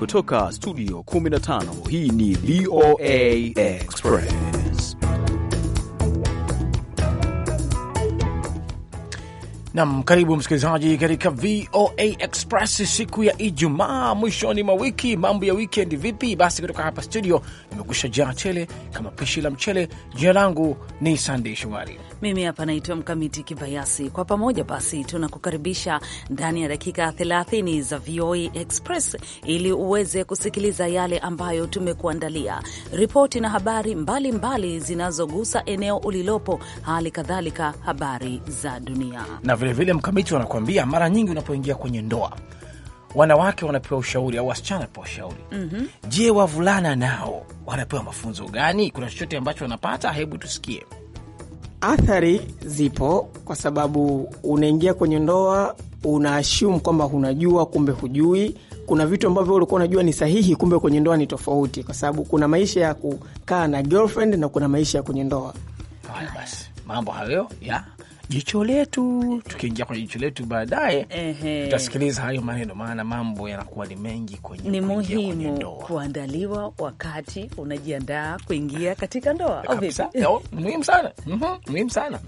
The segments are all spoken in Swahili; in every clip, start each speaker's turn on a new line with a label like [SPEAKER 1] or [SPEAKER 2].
[SPEAKER 1] kutoka studio 15 hii ni VOA Express
[SPEAKER 2] nam. Karibu msikilizaji katika VOA Express siku ya Ijumaa, mwishoni mwa wiki. Mambo ya wikendi vipi? Basi kutoka hapa studio imekusha jaa chele kama pishi la mchele. Jina langu ni Sandey Shomari
[SPEAKER 3] mimi hapa naitwa Mkamiti Kibayasi. Kwa pamoja basi tunakukaribisha ndani ya dakika 30 za VOA e Express ili uweze kusikiliza yale ambayo tumekuandalia, ripoti na habari mbalimbali zinazogusa eneo ulilopo, hali kadhalika habari za dunia
[SPEAKER 2] na vilevile vile Mkamiti wanakuambia mara nyingi unapoingia kwenye ndoa wanawake wanapewa ushauri au wasichana wanapewa ushauri. mm -hmm. Je,
[SPEAKER 4] wavulana nao
[SPEAKER 2] wanapewa mafunzo gani? Kuna chochote ambacho wanapata? Hebu tusikie
[SPEAKER 4] athari zipo, kwa sababu unaingia kwenye ndoa unaashum kwamba unajua, kumbe hujui. Kuna vitu ambavyo ulikuwa unajua ni sahihi, kumbe kwenye ndoa ni tofauti, kwa sababu kuna maisha ya kukaa na girlfriend na kuna maisha ya kwenye ndoa.
[SPEAKER 2] Haya basi, mambo hayo ya jicho letu. Tukiingia kwenye jicho letu baadaye, tutasikiliza hayo maneno, maana mambo yanakuwa ni mengi kwenye.
[SPEAKER 3] Ni muhimu kuandaliwa wakati unajiandaa kuingia katika ndoa, muhimu sana,
[SPEAKER 2] mhm, muhimu sana,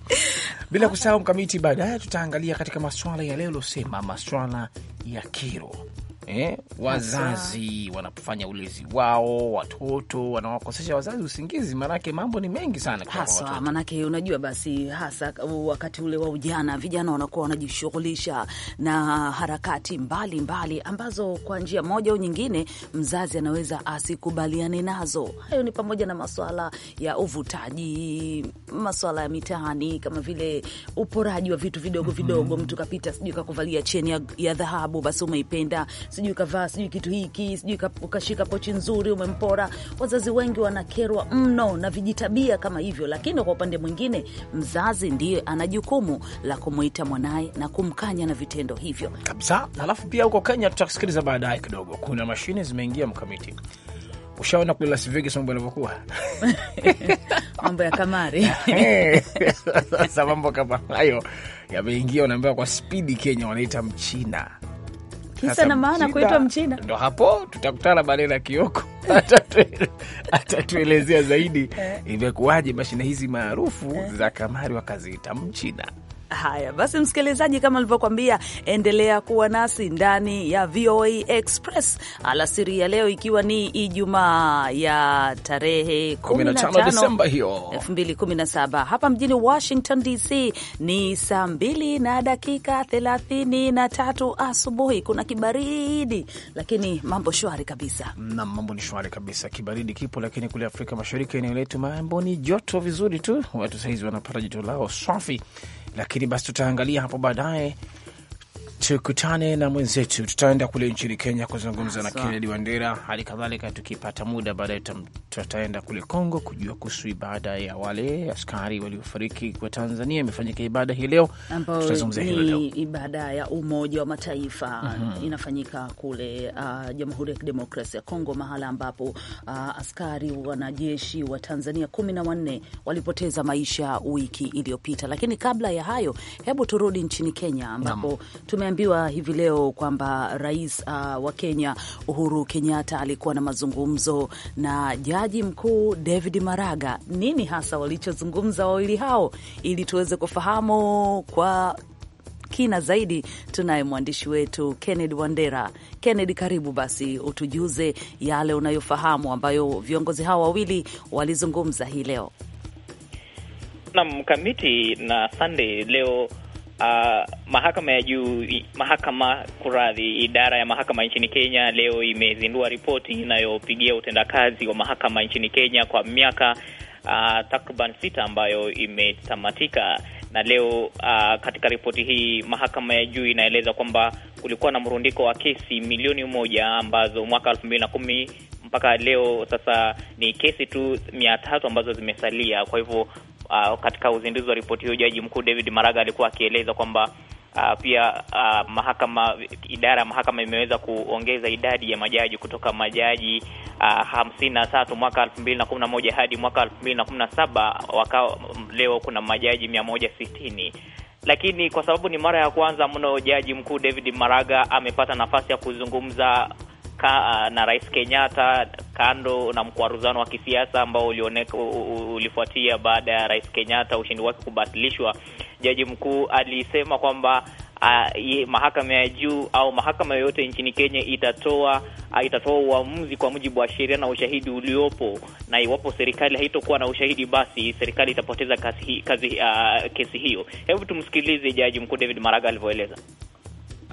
[SPEAKER 2] bila kusahau mkamiti. Baadaye tutaangalia katika maswala ya leo losema, maswala ya kiro eh, wazazi wanafanya ulezi wao, watoto
[SPEAKER 3] wanawakosesha wazazi usingizi, maanake mambo ni mengi sana hasa, maanake unajua, basi hasa wakati ule wa ujana, vijana wanakuwa wanajishughulisha na harakati mbalimbali mbali, ambazo kwa njia moja au nyingine mzazi anaweza asikubaliane nazo. Hayo ni pamoja na maswala ya uvutaji, maswala ya mitaani kama vile uporaji wa vitu vidogo vidogo, mhm. mtu kapita sijui kakuvalia cheni ya, ya dhahabu, basi umeipenda sijui kavaa sijui kitu hiki, sijui ukashika pochi nzuri, umempora. Wazazi wengi wanakerwa mno na vijitabia kama hivyo, lakini kwa upande mwingine mzazi ndiye ana jukumu la kumwita mwanaye na kumkanya na vitendo hivyo kabisa. Halafu pia huko Kenya tutasikiliza
[SPEAKER 2] baadaye kidogo, kuna mashine zimeingia mkamiti Ushaona kule Las Vegas mambo yanavyokuwa,
[SPEAKER 3] mambo ya kamari.
[SPEAKER 2] Sasa mambo kama hayo yameingia, wanaambiwa kwa spidi. Kenya wanaita mchina Kisa na maana kuitwa Mchina, ndo hapo tutakutana baadaye na Kioko atatuelezea zaidi eh. imekuwaje mashine hizi maarufu eh. za kamari wakaziita Mchina.
[SPEAKER 3] Haya basi, msikilizaji, kama alivyokwambia, endelea kuwa nasi ndani ya VOA Express alasiri ya leo, ikiwa ni Ijumaa ya tarehe 15 Desemba hiyo 2017 hapa mjini Washington DC ni saa 2 na dakika 33 asubuhi. Kuna kibaridi, lakini mambo shwari kabisa. Naam, mambo ni shwari
[SPEAKER 2] kabisa, kibaridi kipo, lakini kule Afrika Mashariki, eneo letu mambo ni joto vizuri tu, watu saizi wanapata joto lao safi lakini basi tutaangalia hapo baadaye tukutane na mwenzetu, tutaenda kule nchini Kenya kuzungumza na Kennedy Wandera. Hali kadhalika tukipata muda baadaye tutaenda kule Kongo kujua kuhusu ibada ya wale askari waliofariki kwa Tanzania. Imefanyika ibada hii leo,
[SPEAKER 3] tutazungumza hilo leo, ibada ya Umoja wa Mataifa mm -hmm. inafanyika kule uh, Jamhuri ya Kidemokrasia ya Kongo, mahala ambapo uh, askari wanajeshi wa Tanzania kumi na wanne walipoteza maisha wiki iliyopita. Lakini kabla ya hayo, hebu turudi nchini Kenya ambapo tumeambiwa hivi leo kwamba rais uh, wa Kenya Uhuru Kenyatta alikuwa na mazungumzo na jaji mkuu David Maraga. Nini hasa walichozungumza wawili hao, ili tuweze kufahamu kwa kina zaidi, tunaye mwandishi wetu Kennedy Wandera. Kennedy, karibu basi, utujuze yale unayofahamu ambayo viongozi hao wawili walizungumza hii leo.
[SPEAKER 5] Nam mkamiti na Sunday leo Uh, mahakama ya juu mahakama kuradhi, idara ya mahakama nchini Kenya leo imezindua ripoti inayopigia utendakazi wa mahakama nchini Kenya kwa miaka uh, takriban sita ambayo imetamatika na leo. Uh, katika ripoti hii mahakama ya juu inaeleza kwamba kulikuwa na mrundiko wa kesi milioni moja ambazo mwaka elfu mbili na kumi mpaka leo sasa ni kesi tu mia tatu ambazo zimesalia. Kwa hivyo uh, katika uzinduzi wa ripoti hiyo jaji mkuu David Maraga alikuwa akieleza kwamba Uh, pia uh, mahakama idara ya mahakama imeweza kuongeza idadi ya majaji kutoka majaji uh, hamsini na tatu mwaka elfu mbili na kumi na moja hadi mwaka elfu mbili na kumi na saba wakao leo kuna majaji mia moja sitini lakini kwa sababu ni mara ya kwanza mno jaji mkuu David Maraga amepata nafasi ya kuzungumza ka, ah, na Rais Kenyatta kando na mkwaruzano wa kisiasa ambao ulioneka ulifuatia baada ya Rais Kenyatta ushindi wake kubatilishwa, jaji mkuu alisema kwamba Uh, mahakama ya juu au mahakama yoyote nchini Kenya itatoa uh, itatoa uamuzi kwa mujibu wa sheria na ushahidi uliopo, na iwapo serikali haitokuwa na ushahidi, basi serikali itapoteza kazi, kazi, uh, kesi hiyo. Hebu tumsikilize Jaji Mkuu David Maraga alivyoeleza.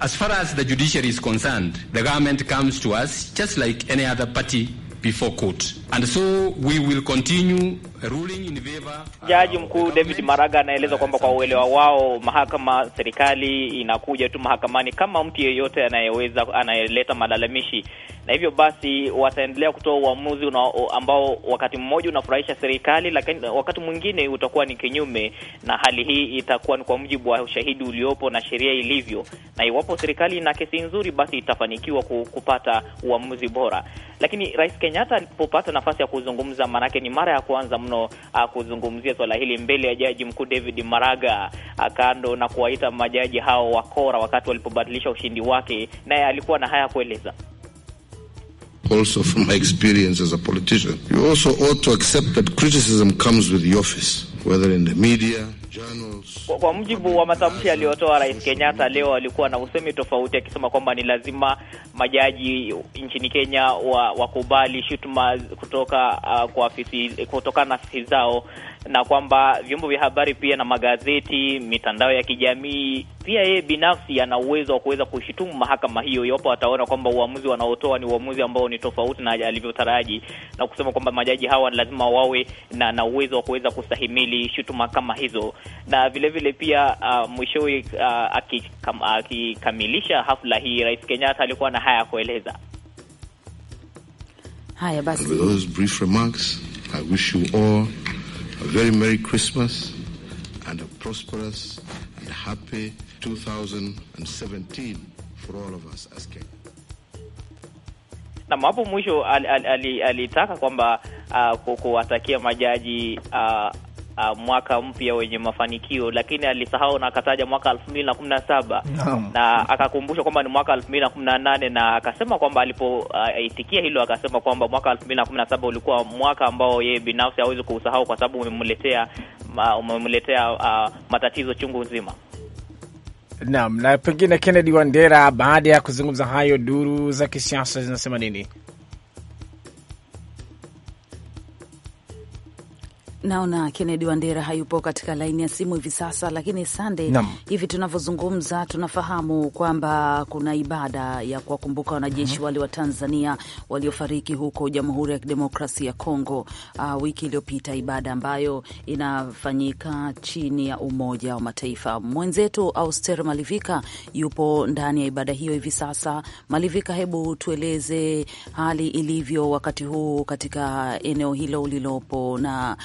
[SPEAKER 6] As
[SPEAKER 7] far as the judiciary is concerned, the government comes to us just like any other party before court. And so we will continue Ruling in favor,
[SPEAKER 5] uh, Jaji Mkuu David Maraga anaeleza kwamba kwa uh, uelewa wao mahakama, serikali inakuja tu mahakamani kama mtu yeyote anayeweza anayeleta malalamishi, na hivyo basi wataendelea kutoa uamuzi ambao wakati mmoja unafurahisha serikali, lakini wakati mwingine utakuwa ni kinyume, na hali hii itakuwa ni kwa mujibu wa ushahidi uliopo na sheria ilivyo, na iwapo serikali ina kesi nzuri, basi itafanikiwa kupata uamuzi bora. Lakini Rais Kenyatta alipopata nafasi ya kuzungumza, maanake ni mara ya kwanza mkutano uh, kuzungumzia swala hili mbele ya jaji mkuu David Maraga, uh, kando na kuwaita majaji hao wakora wakati walipobadilisha ushindi wake, naye alikuwa na haya kueleza. Also from my experience
[SPEAKER 4] as a politician, you also ought to accept that criticism comes with the office, whether in the media
[SPEAKER 5] kwa, kwa mujibu wa matamshi aliyotoa Rais Kenyatta leo, alikuwa na usemi tofauti akisema kwamba ni lazima majaji nchini Kenya wakubali wa shutuma kutoka uh, kwa afisi kutokana na afisi zao na kwamba vyombo vya habari pia na magazeti, mitandao ya kijamii pia yeye binafsi ana uwezo wa kuweza kushitumu mahakama hiyo iwapo ataona kwamba uamuzi wanaotoa ni uamuzi ambao ni tofauti na alivyotaraji, na kusema kwamba majaji hawa lazima wawe na na uwezo wa kuweza kustahimili shutuma kama hizo, na vile vile pia uh, mwishowe uh, akikamilisha hafla hii, Rais Kenyatta alikuwa na haya ya kueleza.
[SPEAKER 3] Haya basi.
[SPEAKER 4] A very Merry Christmas and a prosperous and happy 2017
[SPEAKER 5] for
[SPEAKER 8] all of us as Kenya.
[SPEAKER 5] Na hapo mwisho alitaka kwamba uh, kuwatakia majaji uh, uh, mwaka mpya wenye mafanikio, lakini alisahau na akataja mwaka elfu mbili na kumi na saba no. na akakumbusha kwamba ni mwaka elfu mbili na kumi na nane na akasema kwamba alipoitikia uh, hilo akasema kwamba mwaka elfu mbili na kumi na saba ulikuwa mwaka ambao yeye binafsi hawezi kuusahau kwa sababu umemletea uh, umemletea uh, matatizo chungu nzima.
[SPEAKER 2] Naam, na pengine Kennedy Wandera, baada ya kuzungumza hayo, duru za kisiasa zinasema nini?
[SPEAKER 3] Naona Kennedy Wandera hayupo katika laini ya simu hivi sasa, lakini Sande, hivi tunavyozungumza tunafahamu kwamba kuna ibada ya kuwakumbuka wanajeshi mm -hmm. wale wa Tanzania waliofariki huko Jamhuri ya Kidemokrasia ya Kongo uh, wiki iliyopita, ibada ambayo inafanyika chini ya Umoja wa Mataifa. Mwenzetu Auster Malivika yupo ndani ya ibada hiyo hivi sasa. Malivika, hebu tueleze hali ilivyo wakati huu katika eneo hilo ulilopo na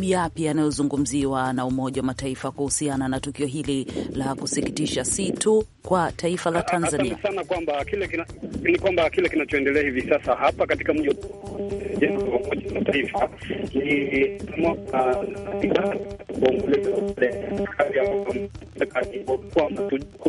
[SPEAKER 3] yapi yanayozungumziwa na Umoja wa Mataifa kuhusiana na tukio hili la kusikitisha, si tu kwa taifa la Tanzania? Asante
[SPEAKER 7] sana kwamba kile kina, ni kwamba kile kinachoendelea hivi sasa hapa katika mji jengo wa Umoja wa Mataifa ni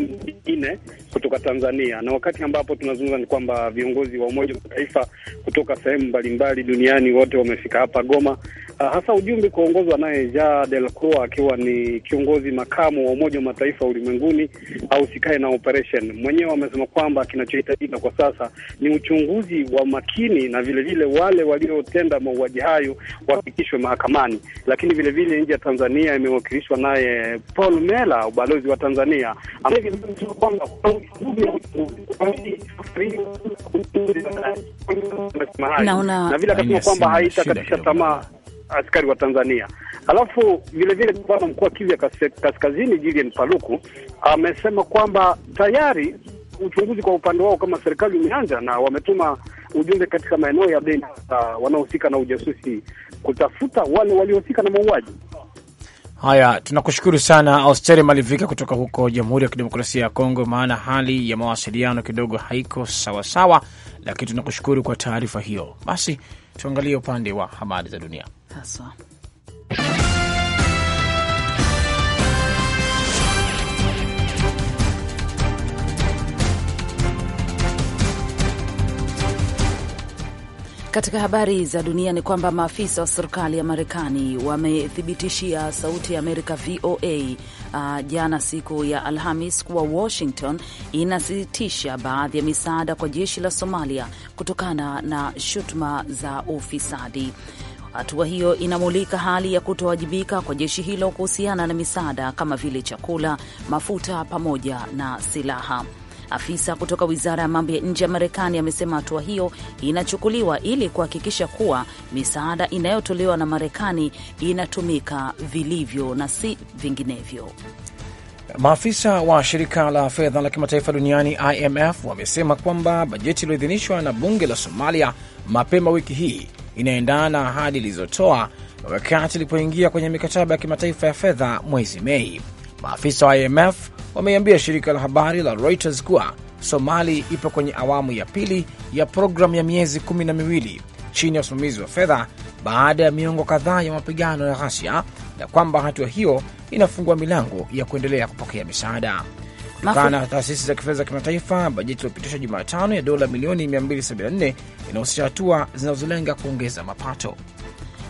[SPEAKER 7] mingine kutoka Tanzania, na wakati ambapo tunazungumza ni kwamba viongozi wa Umoja wa Mataifa kutoka sehemu mbalimbali duniani wote wamefika hapa Goma hasa ujumbe kuongozwa naye ja Del Croix akiwa ni kiongozi makamu wa Umoja wa Mataifa ulimwenguni au sikae na operation. Mwenyewe amesema kwamba kinachohitajika kwa sasa ni uchunguzi wa makini na vilevile vile wale waliotenda mauaji hayo wafikishwe mahakamani. Lakini vilevile nje ya Tanzania imewakilishwa naye Paul Mela, ubalozi wa Tanzania naona na vile akasema kwamba haitakatisha tamaa askari wa Tanzania. Alafu vile vile gavana mkuu wa Kivu ya Kaskazini Julian Paluku amesema kwamba tayari uchunguzi kwa upande wao kama serikali umeanza na wametuma ujumbe katika maeneo ya Beni uh, wanaohusika na ujasusi kutafuta wale waliohusika na mauaji
[SPEAKER 2] haya. Tunakushukuru sana Austeri Malivika kutoka huko Jamhuri ya Kidemokrasia ya Kongo, maana hali ya mawasiliano kidogo haiko sawasawa sawa, lakini tunakushukuru kwa taarifa hiyo. Basi tuangalie upande wa habari za dunia
[SPEAKER 3] sasa. Katika habari za dunia ni kwamba maafisa wa serikali ya Marekani wamethibitishia Sauti ya Amerika VOA uh, jana siku ya Alhamis kuwa Washington inasitisha baadhi ya misaada kwa jeshi la Somalia kutokana na shutuma za ufisadi. Hatua hiyo inamulika hali ya kutowajibika kwa jeshi hilo kuhusiana na misaada kama vile chakula, mafuta pamoja na silaha. Afisa kutoka wizara ya mambo ya nje ya Marekani amesema hatua hiyo inachukuliwa ili kuhakikisha kuwa misaada inayotolewa na Marekani inatumika vilivyo na si vinginevyo.
[SPEAKER 2] Maafisa wa shirika la fedha la kimataifa duniani IMF wamesema kwamba bajeti iliyoidhinishwa na bunge la Somalia mapema wiki hii inaendana na ahadi ilizotoa wakati ilipoingia kwenye mikataba ya kimataifa ya fedha mwezi Mei. Maafisa wa IMF wameiambia shirika la habari la Reuters kuwa Somali ipo kwenye awamu ya pili ya programu ya miezi kumi na miwili chini ya usimamizi wa fedha baada ya miongo kadhaa ya mapigano ya ghasia, na kwamba hatua hiyo inafungua milango ya kuendelea kupokea misaada. Kutokana na taasisi za kifedha za kimataifa, bajeti iliyopitishwa Jumatano ya dola milioni 274 inahusisha hatua zinazolenga kuongeza mapato.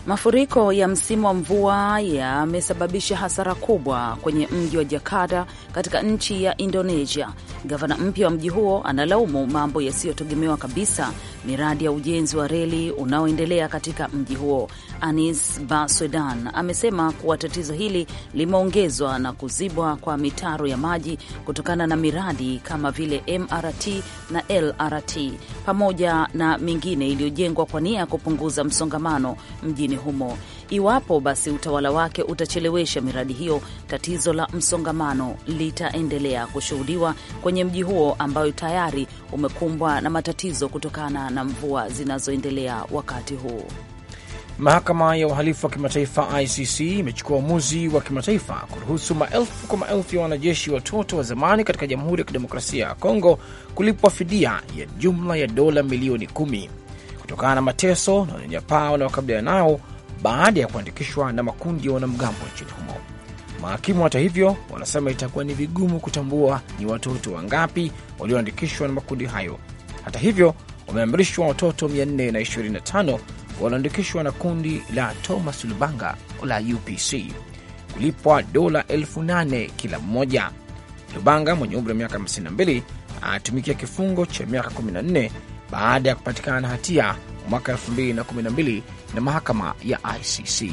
[SPEAKER 3] Mafuriko ya msimu wa mvua yamesababisha hasara kubwa kwenye mji wa Jakarta katika nchi ya Indonesia. Gavana mpya wa mji huo analaumu mambo yasiyotegemewa kabisa, miradi ya ujenzi wa reli unaoendelea katika mji huo. Anis Baswedan amesema kuwa tatizo hili limeongezwa na kuzibwa kwa mitaro ya maji kutokana na miradi kama vile MRT na LRT pamoja na mingine iliyojengwa kwa nia ya kupunguza msongamano mjini nchini humo. Iwapo basi utawala wake utachelewesha miradi hiyo, tatizo la msongamano litaendelea kushuhudiwa kwenye mji huo ambayo tayari umekumbwa na matatizo kutokana na mvua zinazoendelea wakati huu.
[SPEAKER 2] Mahakama ya uhalifu wa kimataifa ICC imechukua uamuzi wa kimataifa kuruhusu maelfu kwa maelfu ya wanajeshi watoto wa zamani katika Jamhuri ya Kidemokrasia ya Kongo kulipwa fidia ya jumla ya dola milioni kumi kutokana na mateso na unyanyapaa wanaokabiliana nao baada ya kuandikishwa na makundi ya wanamgambo nchini humo. Mahakimu hata hivyo wanasema itakuwa ni vigumu kutambua ni watoto wangapi walioandikishwa na makundi hayo. Hata hivyo, wameamrishwa watoto 425 walioandikishwa na kundi la Thomas Lubanga la UPC kulipwa dola elfu nane kila mmoja. Lubanga mwenye umri wa miaka 52 anatumikia kifungo cha miaka 14 baada ya kupatikana na hatia mwaka 2012 na mahakama ya ICC.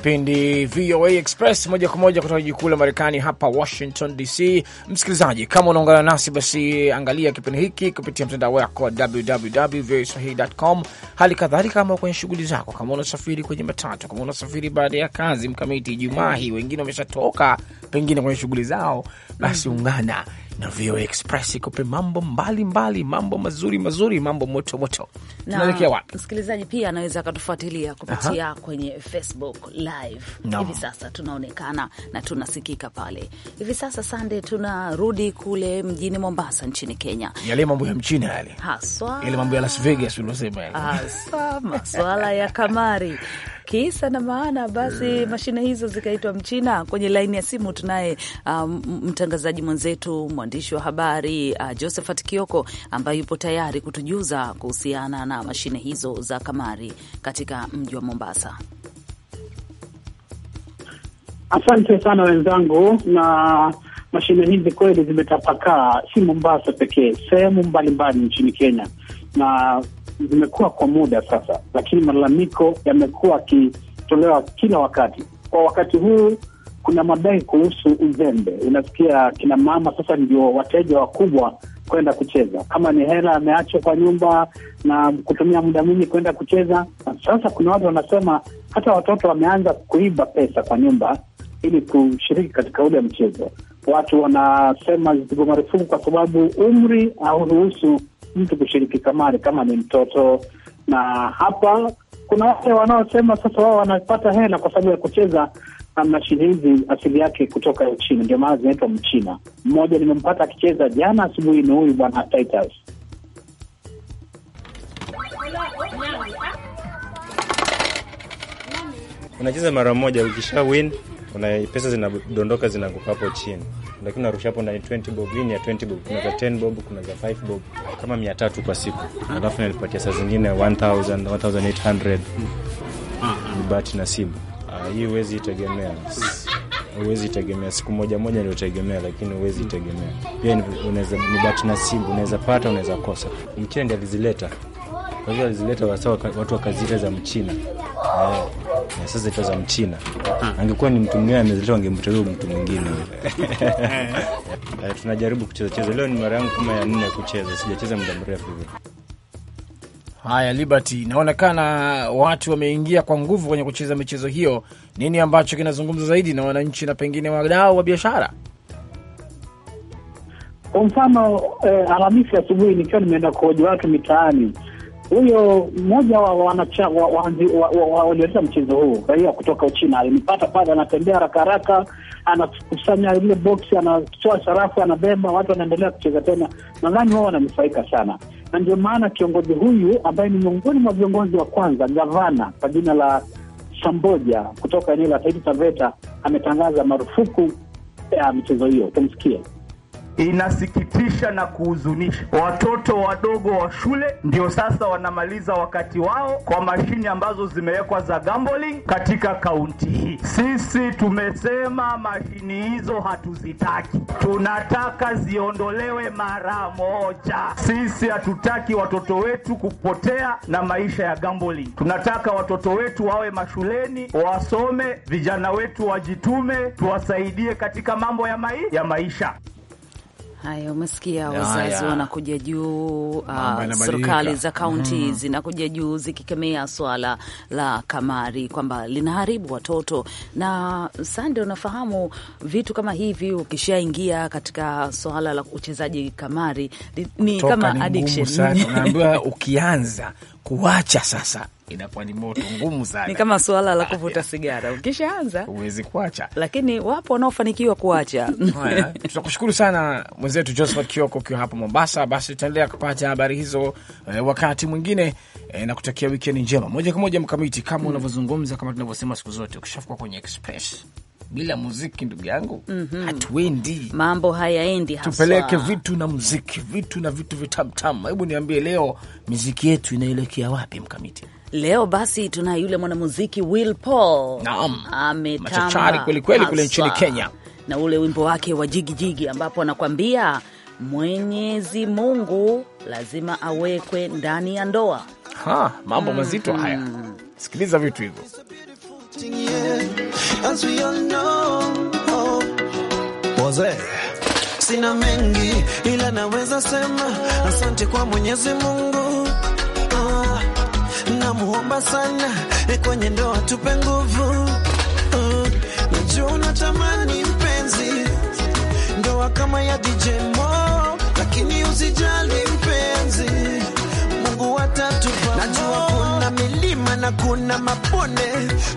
[SPEAKER 2] kipindi VOA Express moja kwa moja kutoka jiji kuu la Marekani hapa Washington DC. Msikilizaji, kama unaungana nasi basi, angalia kipindi hiki kupitia mtandao wako wa www.voaswahili.com, hali kadhalika kama kwenye shughuli zako, kama unasafiri kwenye matatu, kama unasafiri baada ya kazi. Mkamiti Ijumaa hii wengine wameshatoka pengine kwenye shughuli zao, basi mm. ungana na VOA Express ikupe mambo mbalimbali mbali, mambo mazuri mazuri, mambo moto moto. Tunaelekea wapi?
[SPEAKER 3] Msikilizaji pia anaweza akatufuatilia kupitia Aha. kwenye Facebook live no. hivi sasa tunaonekana na tunasikika pale hivi sasa. Sande, tunarudi kule mjini Mombasa nchini Kenya,
[SPEAKER 2] yale mambo ya mchina yale
[SPEAKER 3] haswa,
[SPEAKER 2] yale mambo ya Las Vegas uliosema yale
[SPEAKER 3] haswa, maswala ya kamari kisa na maana basi, yeah. Mashine hizo zikaitwa Mchina. Kwenye laini ya simu tunaye um, mtangazaji mwenzetu, mwandishi wa habari uh, Josephat Kioko ambaye yupo tayari kutujuza kuhusiana na mashine hizo za kamari katika mji wa Mombasa.
[SPEAKER 6] Asante sana wenzangu, na mashine hizi kweli zimetapakaa, si Mombasa pekee, sehemu mbalimbali nchini Kenya na zimekuwa kwa muda sasa, lakini malalamiko yamekuwa akitolewa kila wakati. Kwa wakati huu kuna madai kuhusu uzembe. Unasikia kina mama sasa ndio wateja wakubwa kwenda kucheza, kama ni hela ameachwa kwa nyumba na kutumia muda mwingi kwenda kucheza. Sasa kuna watu wanasema hata watoto wameanza kuiba pesa kwa nyumba ili kushiriki katika ule mchezo. Watu wanasema zipigo marufuku kwa sababu umri hauruhusu mtu kushiriki kamari kama ni mtoto. Na hapa kuna wale wanaosema sasa wao wanapata hela kwa sababu ya kucheza mashine hizi, asili yake kutoka Uchina, ndio maana zinaitwa Mchina. Mmoja nimempata akicheza jana asubuhi ni huyu bwana Titus.
[SPEAKER 4] Unacheza mara moja, ukisha win una pesa zinadondoka zinaanguka hapo chini lakini narusha hapo ndani 20 bob. Hii ni ya 20
[SPEAKER 1] bob, kuna za 10 bob, kuna za 5 bob, kama 300 kwa siku, alafu nilipatia saa zingine 1000 1800 ni simu nasibu. Ah, hii huwezi itegemea huwezi tegemea siku moja moja ndio tegemea, lakini huwezi itegemea pia. Unaweza ni na simu, unaweza pata, unaweza kosa. Mchende alizileta kwa hivyo alizileta wasawa watu wakazita za mchina eh, na sasa zita za mchina. Angekuwa ni mtu mwingine amezileta, wangemtolea mtu mwingine eh, tunajaribu kucheza cheza. Leo ni mara yangu kama ya nne kucheza, sijacheza muda mrefu hivi. Haya,
[SPEAKER 2] Liberty, naonekana watu wameingia kwa nguvu kwenye kucheza michezo hiyo. Nini ambacho kinazungumza zaidi na wananchi na pengine wadau wa biashara?
[SPEAKER 6] Kwa mfano eh, Alhamisi asubuhi nikiwa nimeenda kuhoji watu mitaani huyo mmoja wa wanachama walioleta mchezo huu, raia kutoka Uchina alinipata pale, anatembea haraka haraka, anakusanya ile boksi, anatoa sarafu, anabeba, watu wanaendelea kucheza tena. Nadhani wao wananufaika sana, na ndio maana kiongozi huyu ambaye ni miongoni mwa viongozi wa kwanza, gavana kwa jina la Samboja kutoka eneo la Taita Taveta ametangaza marufuku ya michezo hiyo. Tumsikie
[SPEAKER 1] inasikitisha na kuhuzunisha. Watoto wadogo wa shule ndio sasa wanamaliza wakati wao kwa mashine ambazo zimewekwa za gambling katika kaunti hii. Sisi tumesema mashini hizo hatuzitaki, tunataka ziondolewe mara moja. Sisi hatutaki watoto wetu kupotea na maisha ya gambling. Tunataka watoto wetu wawe mashuleni, wasome, vijana wetu wajitume, tuwasaidie katika mambo ya, mai, ya maisha.
[SPEAKER 3] Haya, umesikia wazazi wanakuja juu, uh, serikali za mm-hmm. kaunti mm, zinakuja juu zikikemea swala la kamari kwamba linaharibu watoto. Na Sande, unafahamu vitu kama hivi, ukishaingia katika swala la uchezaji kamari ni Kutoka kama addiction,
[SPEAKER 2] ukianza kuacha sasa inakuwa ni moto ngumu sana. Ni kama
[SPEAKER 3] suala la ah, kuvuta sigara, ukishaanza huwezi kuacha, lakini wapo wanaofanikiwa kuacha. Haya,
[SPEAKER 2] tunakushukuru sana mwenzetu Josephat Kioko ukiwa hapo Mombasa. Basi tutaendelea kupata habari hizo eh, wakati mwingine eh, na kutakia wikendi njema. Moja kwa moja mkamiti, kama mm, unavyozungumza kama tunavyosema siku zote, ukishafika kwenye express
[SPEAKER 3] bila muziki ndugu yangu, mm -hmm.
[SPEAKER 2] hatuendi,
[SPEAKER 3] mambo hayaendi haswa. Tupeleke
[SPEAKER 2] vitu na muziki, vitu na vitu vitamtam. Hebu niambie leo muziki yetu inaelekea wapi,
[SPEAKER 3] Mkamiti? Leo basi tunaye yule mwanamuziki Will Paul, naam, kwelikweli kule nchini Kenya na ule wimbo wake wa jigijigi, ambapo anakuambia Mwenyezi Mungu lazima awekwe ndani ya ndoa. Ha,
[SPEAKER 2] mambo mazito haya. Hmm. Sikiliza vitu hivyo.
[SPEAKER 8] Sina mengi ila naweza sema asante kwa Mwenyezi Mungu nakuomba sana kwenye ndoa tupe nguvu uh, najua unatamani mpenzi, ndoa kama ya DJ Mo, lakini usijali mpenzi, Mungu watatupa. Najua kuna milima na kuna mapone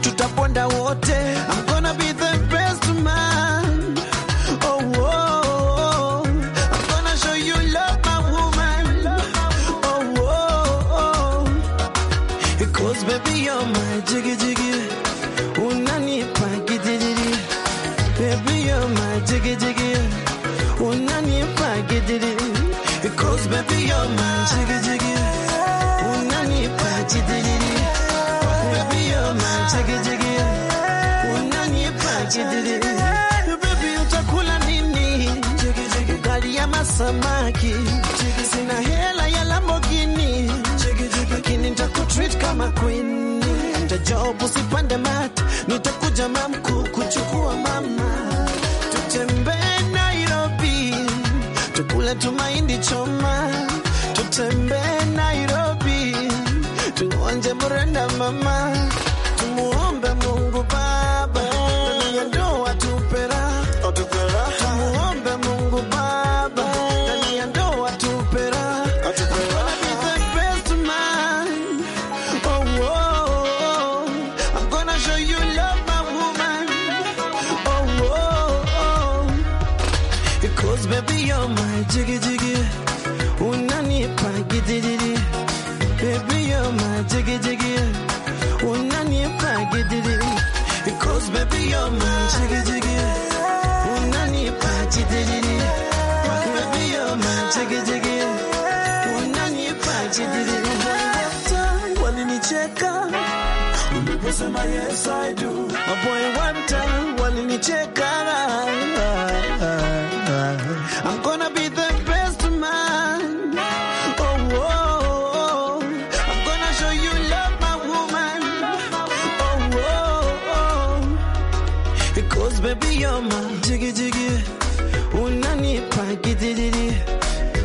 [SPEAKER 8] tutaponda wote mama, tumuombe Mungu Baba. yapma Cigi cigi Unanipa gidilili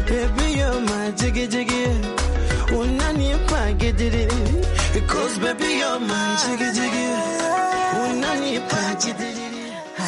[SPEAKER 8] Baby you're my jiggy jiggy Unanipa gidilili Cause baby you're my jiggy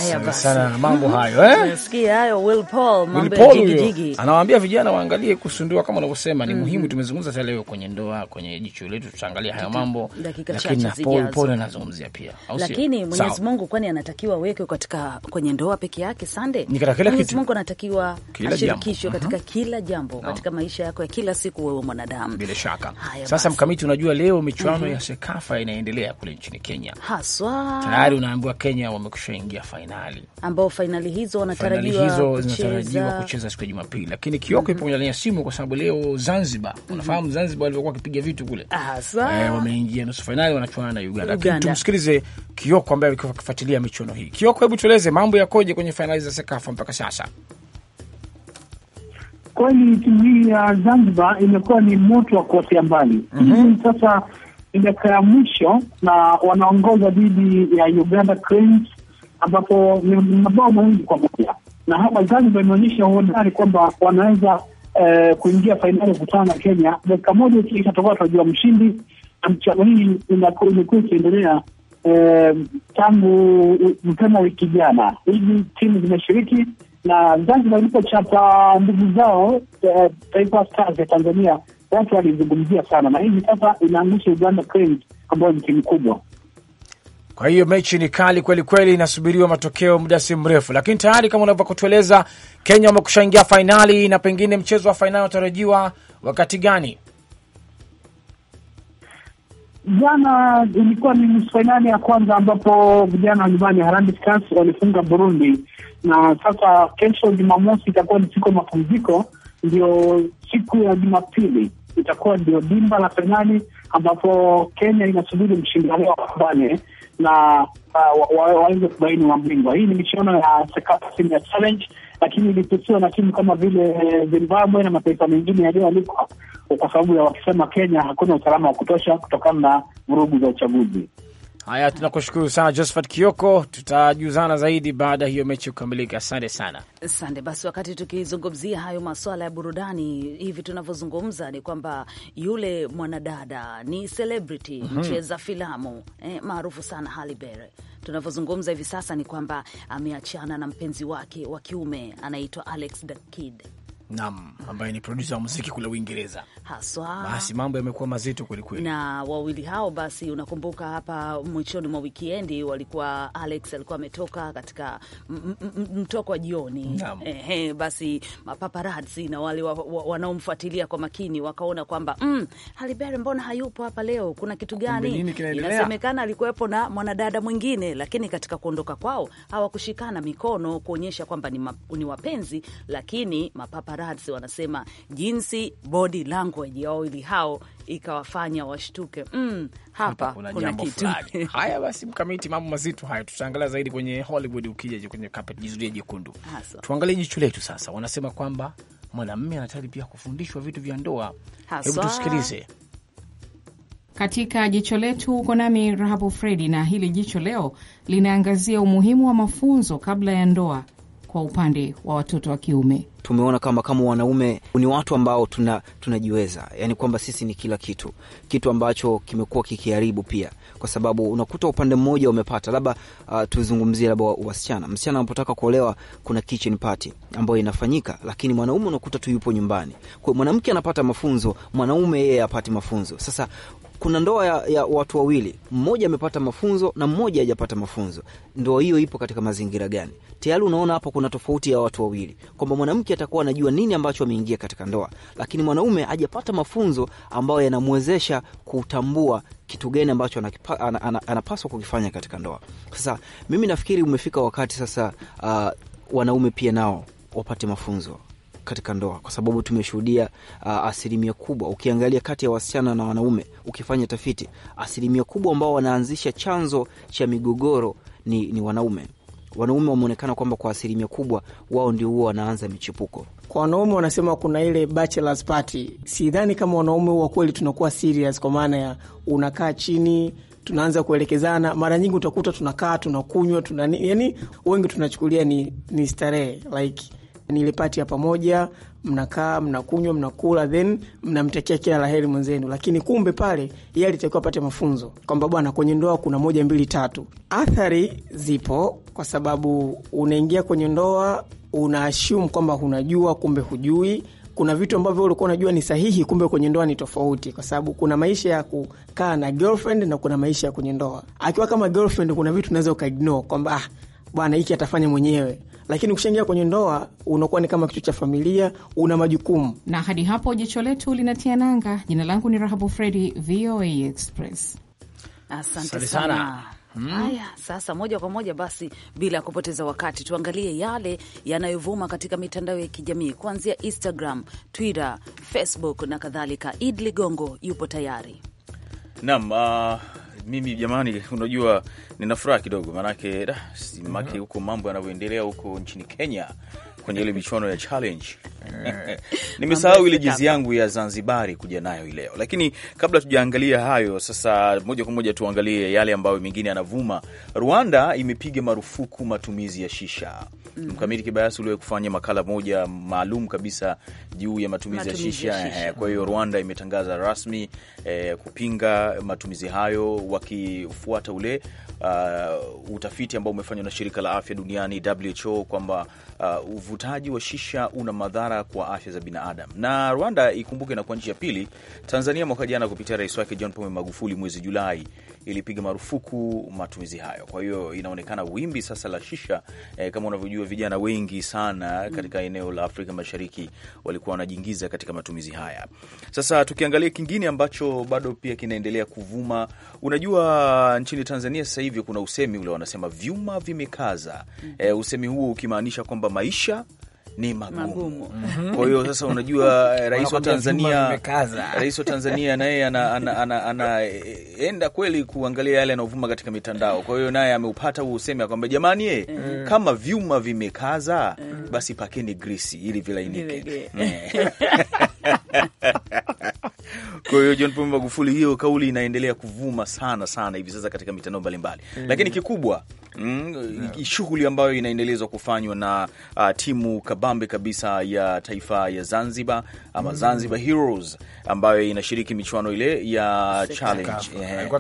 [SPEAKER 2] Haya sana mambo hayo eh?
[SPEAKER 3] Nasikia hayo Will Paul, mambo ya jigijigi.
[SPEAKER 2] Anawaambia vijana waangalie kusundua kama unavyosema ni mm -hmm. muhimu. Tumezungumza leo kwenye ndoa, kwenye jicho letu tutaangalia hayo mambo, lakini na Paul Paul anazungumzia pia, lakini Mwenyezi
[SPEAKER 3] Mungu kwani anatakiwa awekwe katika kwenye ndoa peke yake Sunday? Ni katika kila kitu Mwenyezi Mungu anatakiwa ashirikishwe mhm. katika kila jambo no. katika maisha yako ya kila siku wewe mwanadamu, bila
[SPEAKER 2] shaka. Haya, sasa mkamiti, unajua leo michuano mm -hmm. ya Sekafa inaendelea kule nchini Kenya
[SPEAKER 3] haswa, tayari
[SPEAKER 2] unaambiwa Kenya wamekushaingia fainali fainali
[SPEAKER 3] ambao fainali hizo wanatarajiwa zinatarajiwa kucheza
[SPEAKER 2] siku ya Jumapili, lakini Kioko ipo kwenye simu kwa sababu leo Zanzibar, mhm. unafahamu Zanzibar walivyokuwa wakipiga vitu kule,
[SPEAKER 3] eh,
[SPEAKER 2] wameingia nusu fainali, wanachuana na Uganda. Lakini tumsikilize Kioko ambaye alikuwa akifuatilia michuano hii. Kioko, hebu tueleze mambo yakoje kwenye fainali za Sekafa mpaka sasa?
[SPEAKER 6] Kweli timu hii ya Zanzibar imekuwa ni moto wa kuotea mbali. mm-hmm. Sasa ni dakika ya mwisho na wanaongoza dhidi ya Uganda Cranes ambapo ni mabao mawili kwa moja, na hapa Zanzibar imeonyesha uhodari kwamba wanaweza eh, kuingia fainali kukutana na Kenya. Dakika moja ikishatoka tunajua mshindi, na mchano hii imekuwa ikiendelea eh, tangu mapema wiki jana. Hizi timu zimeshiriki na Zanzibar ilipochapa ndugu zao eh, Taifa Stars ya Tanzania, watu walizungumzia sana, na hivi sasa inaangusha Uganda Cranes ambayo ni timu kubwa
[SPEAKER 2] kwa hiyo mechi ni kali kweli kweli, inasubiriwa matokeo muda si mrefu, lakini tayari kama unavyokutueleza, Kenya wamekushaingia fainali, na pengine mchezo wa fainali unatarajiwa wakati gani?
[SPEAKER 6] Jana ilikuwa ni nusu fainali ya kwanza ambapo vijana wa nyumbani Harambee Stars walifunga Burundi, na sasa kesho Jumamosi itakuwa ni siku ya mapumziko, ndio siku ya Jumapili itakuwa ndio dimba la fainali ambapo Kenya inasubiri mshindi wao wapambane na waweze kubaini mbingwa Hii ni michuano ya Sekafa Senior Challenge, lakini ilitusiwa na timu kama vile eh, Zimbabwe na mataifa mengine yaliyoalikwa, kwa sababu ya wakisema Kenya hakuna usalama wa kutosha kutokana na vurugu za uchaguzi.
[SPEAKER 2] Haya, tunakushukuru sana Josephat Kioko, tutajuzana zaidi baada ya hiyo mechi kukamilika. Asante sana.
[SPEAKER 3] Asante. Basi wakati tukizungumzia hayo maswala ya burudani, hivi tunavyozungumza ni kwamba yule mwanadada ni celebrity mm -hmm. mcheza filamu eh, maarufu sana Halle Berry tunavyozungumza hivi sasa ni kwamba ameachana na mpenzi wake wa kiume anaitwa Alex the Kid
[SPEAKER 2] Nam ambaye ni produsa wa muziki kule Uingereza
[SPEAKER 3] haswa. Basi
[SPEAKER 2] mambo yamekuwa mazito kwelikweli,
[SPEAKER 3] na wawili hao basi, unakumbuka hapa mwishoni mwa wikiendi walikuwa, Alex alikuwa ametoka katika mtoko wa jioni eh, eh, basi mapaparazi na wale wa, wa, wanaomfuatilia kwa makini wakaona kwamba mm, Halle Berry mbona hayupo hapa leo, kuna kitu gani? Inasemekana alikuwepo na mwanadada mwingine, lakini katika kuondoka kwao hawakushikana mikono kuonyesha kwamba ni, ma, ni wapenzi, lakini mapaparazi Wanasayansi wanasema jinsi body language ya wawili hao ikawafanya washtuke, mm, hapa, hapa kuna, kuna kitu
[SPEAKER 2] haya. Basi mkamiti, mambo mazito haya, tutaangalia zaidi kwenye Hollywood ukija kwenye kapeti jizulia jekundu. Tuangalie jicho letu sasa. Wanasema kwamba mwanamume anatari pia kufundishwa vitu vya ndoa. Hebu tusikilize
[SPEAKER 3] katika jicho letu. Uko nami Rahabu Fredi, na hili jicho leo linaangazia umuhimu wa mafunzo kabla ya ndoa kwa upande wa watoto wa kiume.
[SPEAKER 9] Tumeona kama kama wanaume ni watu ambao tuna, tunajiweza, yani kwamba sisi ni kila kitu, kitu ambacho kimekuwa kikiharibu pia, kwa sababu unakuta upande mmoja umepata labda, uh, tuzungumzie labda wasichana, msichana anapotaka kuolewa kuna kitchen party ambayo inafanyika, lakini mwanaume unakuta tu yupo nyumbani. Kwa hiyo mwanamke anapata mafunzo, mwanaume yeye apati mafunzo. Sasa kuna ndoa ya, ya watu wawili, mmoja amepata mafunzo na mmoja hajapata mafunzo. Ndoa hiyo ipo katika mazingira gani? Tayari unaona hapo kuna tofauti ya watu wawili, kwamba mwanamke atakuwa anajua nini ambacho ameingia katika ndoa, lakini mwanaume hajapata mafunzo ambayo yanamwezesha kutambua kitu gani ambacho anapaswa kukifanya katika ndoa. Sasa mimi nafikiri umefika wakati sasa, uh, wanaume pia nao wapate mafunzo katika ndoa, kwa sababu tumeshuhudia uh, asilimia kubwa, ukiangalia kati ya wasichana na wanaume, ukifanya tafiti, asilimia kubwa ambao wanaanzisha chanzo cha migogoro ni, ni wanaume. Wanaume wameonekana kwamba kwa asilimia kubwa wao ndio huwa wanaanza michipuko. Kwa wanaume wanasema
[SPEAKER 4] kuna ile bachelors party. Sidhani kama wanaume wa kweli tunakuwa serious, kwa maana ya unakaa chini tunaanza kuelekezana. Mara nyingi utakuta tunakaa tunakunywa tuna yani, wengi tunachukulia ni, ni starehe like ni ile pati ya pamoja, mnakaa mnakunywa mnakula, then mnamtakia kila la heri mwenzenu, lakini kumbe pale yeye alitakiwa apate mafunzo kwamba bwana, kwenye ndoa kuna moja mbili tatu. Athari zipo kwa sababu unaingia kwenye ndoa unaashum kwamba hunajua, kumbe hujui kuna vitu ambavyo ulikuwa unajua ni sahihi, kumbe kwenye ndoa ni tofauti, kwa sababu kuna maisha ya kukaa na girlfriend na kuna maisha ya kwenye ndoa. Akiwa kama girlfriend, kuna vitu unaweza ukaignore kwamba ah, bwana hiki atafanya mwenyewe, lakini ukishaingia kwenye ndoa unakuwa ni kama kitu cha familia, una
[SPEAKER 3] majukumu.
[SPEAKER 5] Na hadi hapo jicho letu linatia nanga. Jina langu ni Rahabu Fredi, VOA
[SPEAKER 4] Express.
[SPEAKER 3] Asante sana. Hmm. Haya, sasa moja kwa moja basi, bila ya kupoteza wakati, tuangalie yale yanayovuma katika mitandao ya kijamii kuanzia Instagram, Twitter, Facebook na kadhalika. Id Ligongo yupo tayari.
[SPEAKER 1] Naam, uh, mimi jamani, unajua nina furaha kidogo, maanake simake huko mambo yanavyoendelea huko nchini Kenya kwenye ile michuano ya challenge eh. nimesahau ile jezi yangu ya Zanzibari kuja nayo leo, lakini kabla tujaangalia hayo, sasa moja kwa moja tuangalie yale ambayo mengine yanavuma. Rwanda imepiga marufuku matumizi ya shisha. Mm-hmm. Mkamiti mm -hmm. Kibayasi uliwahi kufanya makala moja maalum kabisa juu ya matumizi, matumizi ya shisha, ya shisha. Eh, kwa hiyo Rwanda imetangaza rasmi eh, kupinga matumizi hayo wakifuata ule uh, utafiti ambao umefanywa na shirika la afya duniani WHO kwamba uh, uvutaji wa shisha una madhara kwa afya za binadamu. Na Rwanda ikumbuke, na kwa nchi ya pili, Tanzania mwaka jana kupitia rais wake John Pombe Magufuli mwezi Julai ilipiga marufuku matumizi hayo. Kwa hiyo inaonekana wimbi sasa la shisha eh, kama unavyojua vijana wengi sana katika eneo la Afrika Mashariki walikuwa walikuwa wanajiingiza katika matumizi haya. Sasa tukiangalia kingine ambacho bado pia kinaendelea kuvuma, unajua nchini Tanzania sasa hivi kuna usemi ule wanasema vyuma vimekaza. E, usemi huo ukimaanisha kwamba maisha ni
[SPEAKER 3] magumu. Mm-hmm. Kwa hiyo
[SPEAKER 1] sasa, unajua eh, rais wa Tanzania, rais wa Tanzania naye anaenda eh, kweli kuangalia yale yanayovuma katika mitandao. Kwa hiyo naye ameupata huu usemi kwamba jamani, ye eh, mm-hmm. kama vyuma vimekaza, mm-hmm. basi pakeni grisi ili
[SPEAKER 8] vilainike. Mm.
[SPEAKER 1] Kwa hiyo John Pombe Magufuli, hiyo kauli inaendelea kuvuma sana sana hivi sasa katika mitandao mbalimbali, lakini kikubwa mm, shughuli ambayo inaendelezwa kufanywa na uh, timu kabambe kabisa ya taifa ya Zanzibar ama mm. Zanzibar Heroes ambayo inashiriki michuano ile ya challenge. Eh. Eh.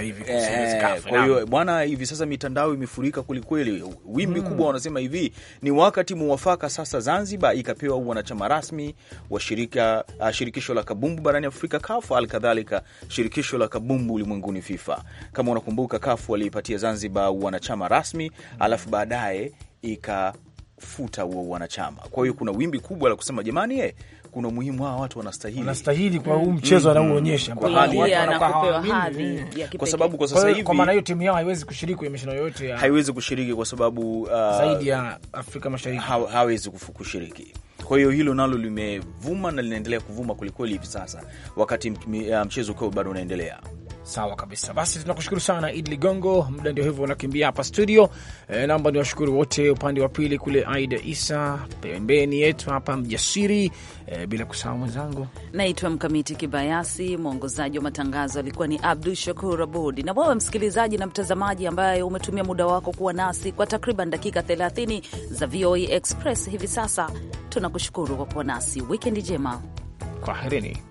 [SPEAKER 2] hivi. Eh. Kwa hiyo
[SPEAKER 1] bwana, hivi sasa mitandao imefurika kwelikweli, wimbi mm. kubwa. Wanasema hivi ni wakati muwafaka sasa Zanzibar ikapewa wanachama rasmi wa shirika, uh, shirikisho la kabumbu barani Afrika kafu alkadhalika shirikisho la kabumbu ulimwenguni FIFA. Kama unakumbuka, kafu waliipatia Zanzibar uh, wanachama rasmi, alafu baadaye ikafuta huo wanachama. Kwa hiyo kuna wimbi kubwa la kusema jamani, eh, kuna umuhimu hawa watu wanastahili, wanastahili kwa huu mchezo anauonyesha, kwa hali kwa sababu kwa sasa hivi kwa maana hiyo
[SPEAKER 2] timu yao haiwezi kushiriki kwenye mashindano yote ya haiwezi
[SPEAKER 1] kushiriki kwa sababu uh, zaidi ya Afrika Mashariki ha, hawezi kushiriki. Kwa hiyo hilo nalo limevuma na linaendelea kuvuma kwelikweli hivi sasa wakati uh, mchezo ukiwa bado unaendelea.
[SPEAKER 2] Sawa kabisa, basi tunakushukuru sana Idi Ligongo. Muda ndio hivyo unakimbia hapa studio. E, naomba ni washukuru wote upande wa pili kule, Aida Isa pembeni yetu hapa Mjasiri, e, bila kusahau mwenzangu
[SPEAKER 3] naitwa Mkamiti Kibayasi. Mwongozaji wa matangazo alikuwa ni Abdu Shakur Abud, na wewe msikilizaji na mtazamaji ambaye umetumia muda wako kuwa nasi kwa takriban dakika 30 za VOA e Express hivi sasa, tunakushukuru kwa kuwa nasi. Wikendi njema, kwaherini.